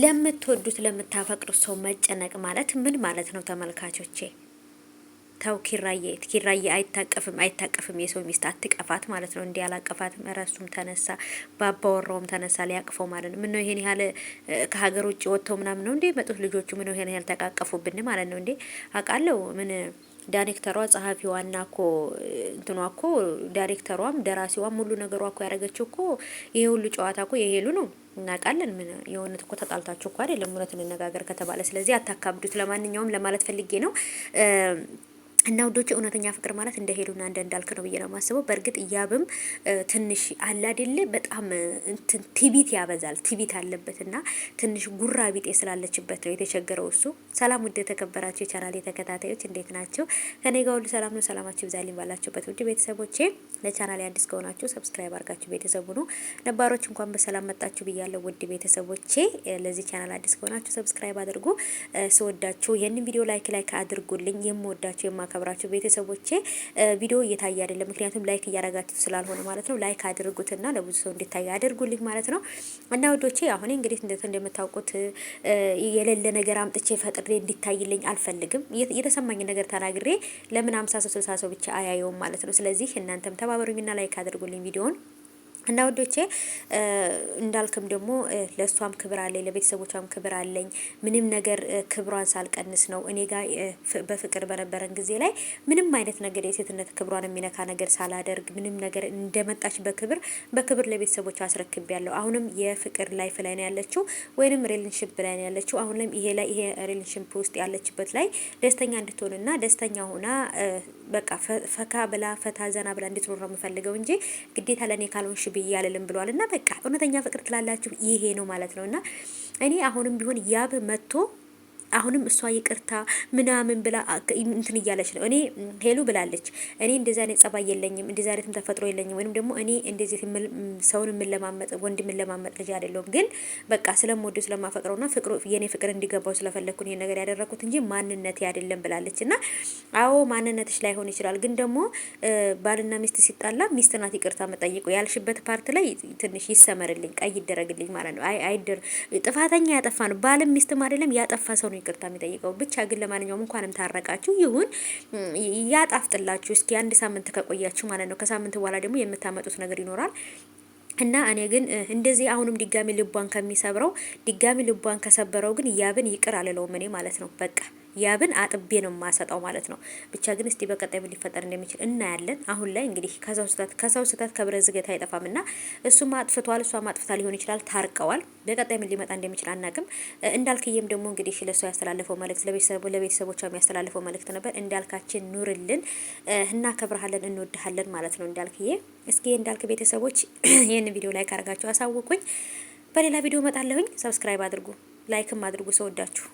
ለምትወዱት ለምታፈቅዱት ሰው መጨነቅ ማለት ምን ማለት ነው? ተመልካቾቼ ተው ኪራዬ ኪራዬ አይታቀፍም አይታቀፍም። የሰው ሚስት አትቀፋት ማለት ነው። እንዲህ አላቀፋትም። እረሱም ተነሳ፣ ባባወራውም ተነሳ ሊያቅፈው ማለት ነው። ምን ነው ይሄን ያህል ከሀገር ውጭ ወጥተው ምናምን ነው እንዴ መጡት ልጆቹ? ምን ነው ይሄን ያህል ተቃቀፉብን ማለት ነው እንዴ? አውቃለሁ ምን ዳይሬክተሯ ጸሐፊዋና ኮ እንትኗ ኮ ዳይሬክተሯም ደራሲዋም ሁሉ ነገሯ ኮ ያደረገችው ኮ ይሄ ሁሉ ጨዋታ ኮ የሄሉ ነው። እናውቃለን። ምን የእውነት እኮ ተጣልታችሁ እኮ አይደለም፣ እውነት እንነጋገር ከተባለ። ስለዚህ አታካብዱት። ለማንኛውም ለማለት ፈልጌ ነው። እና ውዶች እውነተኛ ፍቅር ማለት እንደ ሄዱና እንደ እንዳልክ ነው ብዬ ነው የማስበው። በእርግጥ እያብም ትንሽ አለ አይደለ፣ በጣም ትቢት ያበዛል፣ ትቢት አለበት እና ትንሽ ጉራ ቢጤ ስላለችበት ነው የተቸገረው እሱ። ሰላም ውድ የተከበራቸው የቻናል የተከታታዮች እንዴት ናቸው? ከኔ ጋር ሁሉ ሰላም ነው። ሰላማችሁ ይብዛልኝ ባላችሁበት ውድ ቤተሰቦቼ። ለቻናል አዲስ ከሆናችሁ ሰብስክራይብ አድርጋችሁ ቤተሰቡ ነው፣ ነባሮች እንኳን በሰላም መጣችሁ ብያለሁ ውድ ቤተሰቦቼ። ለዚህ ቻናል አዲስ ከሆናችሁ ሰብስክራይብ አድርጉ። ስወዳችሁ ይህንን ቪዲዮ ላይክ ላይክ አድርጉልኝ። የምወዳችሁ የማ የማከብራችሁ ቤተሰቦቼ። ቪዲዮ እየታየ አይደለም፣ ምክንያቱም ላይክ እያረጋችሁ ስላልሆነ ማለት ነው። ላይክ አድርጉትና ለብዙ ሰው እንዲታይ አድርጉልኝ ማለት ነው። እና ወዶቼ አሁን እንግዲህ እንደምታውቁት የሌለ ነገር አምጥቼ ፈጥሬ እንዲታይልኝ አልፈልግም። የተሰማኝ ነገር ተናግሬ ለምን አምሳ ሰው ስልሳ ሰው ብቻ አያየውም ማለት ነው። ስለዚህ እናንተም ተባበሩኝና ላይክ አድርጉልኝ ቪዲዮን እና ወዶቼ እንዳልክም ደግሞ ለእሷም ክብር አለኝ፣ ለቤተሰቦቿም ክብር አለኝ። ምንም ነገር ክብሯን ሳልቀንስ ነው እኔ ጋር በፍቅር በነበረን ጊዜ ላይ ምንም አይነት ነገር የሴትነት ክብሯን የሚነካ ነገር ሳላደርግ ምንም ነገር እንደመጣች በክብር በክብር ለቤተሰቦቿ ያለው አሁንም የፍቅር ላይፍ ላይ ነው ያለችው፣ ወይንም ሪሌሽንሽፕ ላይ ነው ያለችው። አሁን ላይም ይሄ ላይ ይሄ ሪሌሽንሽፕ ውስጥ ያለችበት ላይ ደስተኛ እንድትሆንና ደስተኛ ሆና በቃ ፈካ ብላ ፈታ ዘና ብላ እንድትኖር ነው የምፈልገው እንጂ ግዴታ ለእኔ ካልሆንሽ ብዬ አልልም ብሏል። እና በቃ እውነተኛ ፍቅር ትላላችሁ ይሄ ነው ማለት ነው። እና እኔ አሁንም ቢሆን ያብ መጥቶ አሁንም እሷ ይቅርታ ምናምን ብላ እንትን እያለች ነው። እኔ ሄሉ ብላለች፣ እኔ እንደዛ አይነት ጸባይ የለኝም፣ እንደዚ አይነትም ተፈጥሮ የለኝም፣ ወይም ደግሞ እኔ እንደዚህ ሰውን የምንለማመጥ ወንድ ለማመጥ ልጅ አይደለሁም። ግን በቃ ስለምወደው ስለማፈቅረውና ፍቅሩ የኔ ፍቅር እንዲገባው ስለፈለግኩን ይሄ ነገር ያደረኩት እንጂ ማንነቴ አይደለም ብላለች። እና አዎ ማንነትሽ ላይሆን ይችላል፣ ግን ደግሞ ባልና ሚስት ሲጣላ ሚስት ናት ይቅርታ መጠየቁ ያልሽበት ፓርት ላይ ትንሽ ይሰመርልኝ፣ ቀይ ይደረግልኝ ማለት ነው። አይ አይደር ጥፋተኛ ያጠፋ ነው፣ ባልም ሚስትም አይደለም ያጠፋ ሰው ነው ይቅርታ የሚጠይቀው። ብቻ ግን ለማንኛውም እንኳንም ታረቃችሁ ይሁን ያጣፍጥላችሁ። እስኪ አንድ ሳምንት ከቆያችሁ ማለት ነው። ከሳምንት በኋላ ደግሞ የምታመጡት ነገር ይኖራል። እና እኔ ግን እንደዚህ አሁንም ድጋሚ ልቧን ከሚሰብረው ድጋሚ ልቧን ከሰበረው ግን ያብን ይቅር አልለውም እኔ ማለት ነው በቃ ያብን አጥቤ ነው የማሰጠው ማለት ነው። ብቻ ግን እስቲ በቀጣይ ምን ሊፈጠር እንደሚችል እናያለን። አሁን ላይ እንግዲህ ከሰው ስህተት ከሰው ስህተት ከብረት ዝገት አይጠፋም እና እሱም አጥፍቷል፣ እሷም ሊሆን ይችላል። ታርቀዋል። በቀጣይ ምን ሊመጣ እንደሚችል አናቅም። እንዳልክዬም ደግሞ እንግዲህ ለእሷ ያስተላለፈው መልእክት ለቤተሰቦቿ የሚያስተላልፈው መልእክት ነበር። እንዳልካችን ኑርልን፣ እናከብረሃለን፣ እንወድሃለን ማለት ነው እንዳልክዬ። እስኪ እንዳልክ ቤተሰቦች ይህን ቪዲዮ ላይ ካረጋችሁ አሳውቁኝ። በሌላ ቪዲዮ እመጣለሁኝ። ሰብስክራይብ አድርጉ፣ ላይክም አድርጉ። ሰወዳችሁ